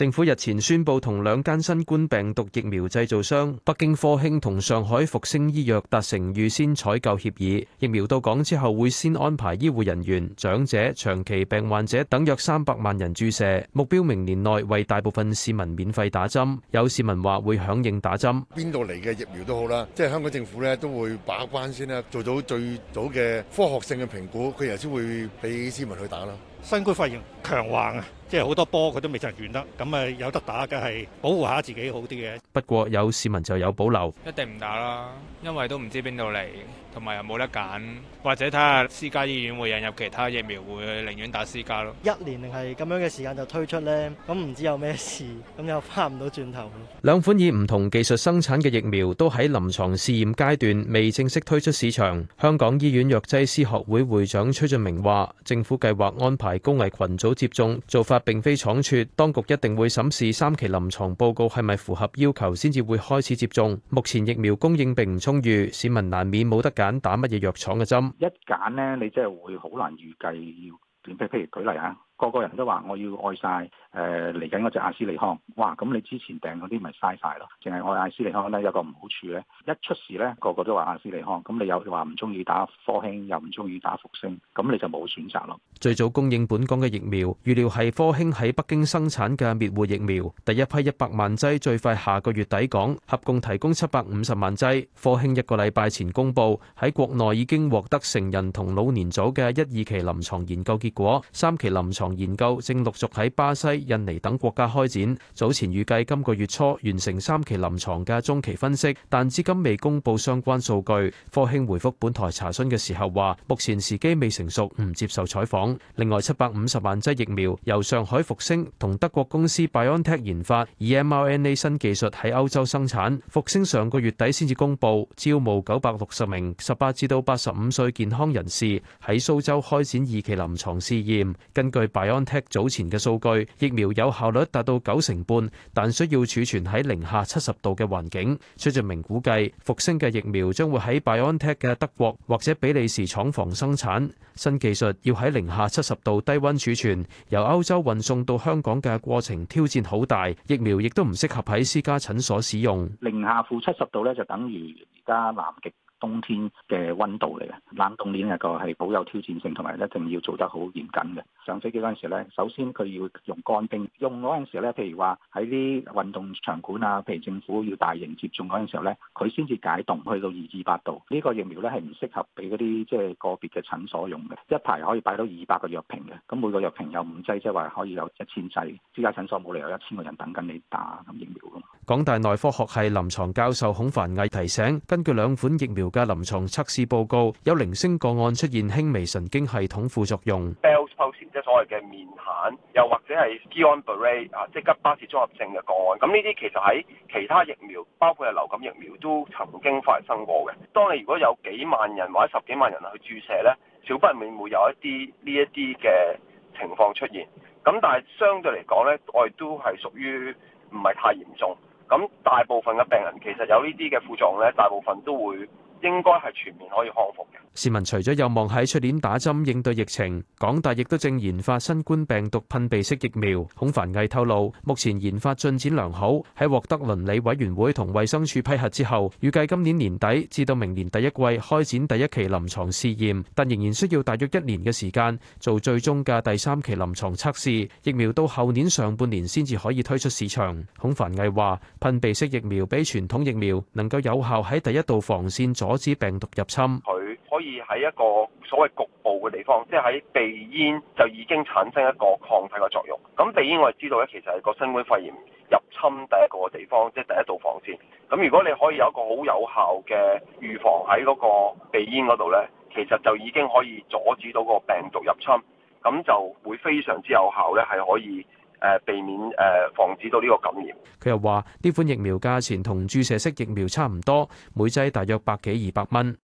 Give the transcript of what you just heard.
政府日前宣布同兩間新冠病毒疫苗製造商北京科興同上海復星醫藥達成預先採購協議，疫苗到港之後會先安排醫護人員、長者、長期病患者等約三百萬人注射，目標明年內為大部分市民免費打針。有市民話會響應打針，邊度嚟嘅疫苗都好啦，即係香港政府咧都會把關先啦，做到最早嘅科學性嘅評估，佢先會俾市民去打囉。新冠肺炎強橫啊，即係好多波佢都未就完得，咁啊有得打嘅係保護下自己好啲嘅。不過有市民就有保留，一定唔打啦，因為都唔知邊度嚟，同埋又冇得揀，或者睇下私家醫院會引入其他疫苗，會寧願打私家咯。一年定係咁樣嘅時間就推出呢，咁唔知有咩事，咁又翻唔到轉頭。兩款以唔同技術生產嘅疫苗都喺臨床試驗階段，未正式推出市場。香港醫院藥劑師學會會長崔俊明話：政府計劃安排。係高危群組接種做法並非倉促，當局一定會審視三期臨床報告係咪符合要求，先至會開始接種。目前疫苗供應並唔充裕，市民難免冇得揀打乜嘢藥廠嘅針。一揀呢，你真係會好難預計要點，譬如舉例吓。個個人都話我要愛曬誒，嚟緊嗰隻阿斯利康，哇！咁你之前訂嗰啲咪嘥曬咯，淨係愛阿斯利康咧，有個唔好處咧，一出事咧，個個都話阿斯利康，咁你又話唔中意打科興，又唔中意打復星，咁你就冇選擇咯。最早供應本港嘅疫苗，預料係科興喺北京生產嘅滅活疫苗，第一批一百萬劑最快下個月抵港，合共提供七百五十萬劑。科興一個禮拜前公布喺國內已經獲得成人同老年組嘅一二期臨床研究結果，三期臨牀研究正陸續喺巴西、印尼等國家開展，早前預計今個月初完成三期臨床嘅中期分析，但至今未公布相關數據。科興回覆本台查詢嘅時候話，目前時機未成熟，唔接受採訪。另外，七百五十萬劑疫苗由上海復星同德國公司 BioNTech 研發，以 mRNA 新技術喺歐洲生產，復星上個月底先至公布，招募九百六十名十八至到八十五歲健康人士喺蘇州開展二期臨床試驗。根據 BioNTech 早前嘅數據疫苗有效率達到九成半，但需要儲存喺零下七十度嘅環境。崔俊明估計，復星嘅疫苗將會喺 BioNTech 嘅德國或者比利時廠房生產，新技術要喺零下七十度低温儲存，由歐洲運送到香港嘅過程挑戰好大。疫苗亦都唔適合喺私家診所使用。零下負七十度呢，就等於而家南極。冬天嘅溫度嚟嘅，冷凍鏈一個係好有挑戰性，同埋一定要做得好嚴謹嘅。上飛機嗰陣時咧，首先佢要用乾冰。用嗰陣時咧，譬如話喺啲運動場館啊，譬如政府要大型接種嗰陣時候咧，佢先至解凍去到二至八度。呢個疫苗咧係唔適合俾嗰啲即係個別嘅診所用嘅。一排可以擺到二百個藥瓶嘅，咁每個藥瓶有五劑，即係話可以有一千劑。私家診所冇理由一千個人等緊你打咁疫苗噶嘛。港大內科學系臨床教授孔繁毅提醒，根據兩款疫苗嘅臨床測試報告，有零星個案出現輕微神經系統副作用，即係所謂嘅面癱，又或者係 Guillain-Barre 啊，即係吉巴氏綜合症嘅個案。咁呢啲其實喺其他疫苗，包括係流感疫苗，都曾經發生過嘅。當你如果有幾萬人或者十幾萬人去注射呢，少不免會有一啲呢一啲嘅情況出現。咁但係相對嚟講呢，我哋都係屬於唔係太嚴重。咁大部分嘅病人其實有呢啲嘅副作用咧，大部分都會。應該，係全面可以康復嘅市民。除咗有望喺出年打針應對疫情，港大亦都正研發新冠病毒噴鼻式疫苗。孔繁毅透露，目前研發進展良好，喺獲得倫理委員會同衛生署批核之後，預計今年年底至到明年第一季開展第一期臨床試驗，但仍然需要大約一年嘅時間做最終嘅第三期臨床測試。疫苗到後年上半年先至可以推出市場。孔繁毅話，噴鼻式疫苗比傳統疫苗能夠有效喺第一道防線。阻止病毒入侵，佢可以喺一個所謂局部嘅地方，即係喺鼻咽就已經產生一個抗體嘅作用。咁鼻咽我哋知道咧，其實係個新冠肺炎入侵第一個地方，即係第一道防線。咁如果你可以有一個好有效嘅預防喺嗰個鼻咽嗰度咧，其實就已經可以阻止到個病毒入侵，咁就會非常之有效咧，係可以。誒避免誒防止到呢個感染。佢又話：呢款疫苗價錢同注射式疫苗差唔多，每劑大約百幾二百蚊。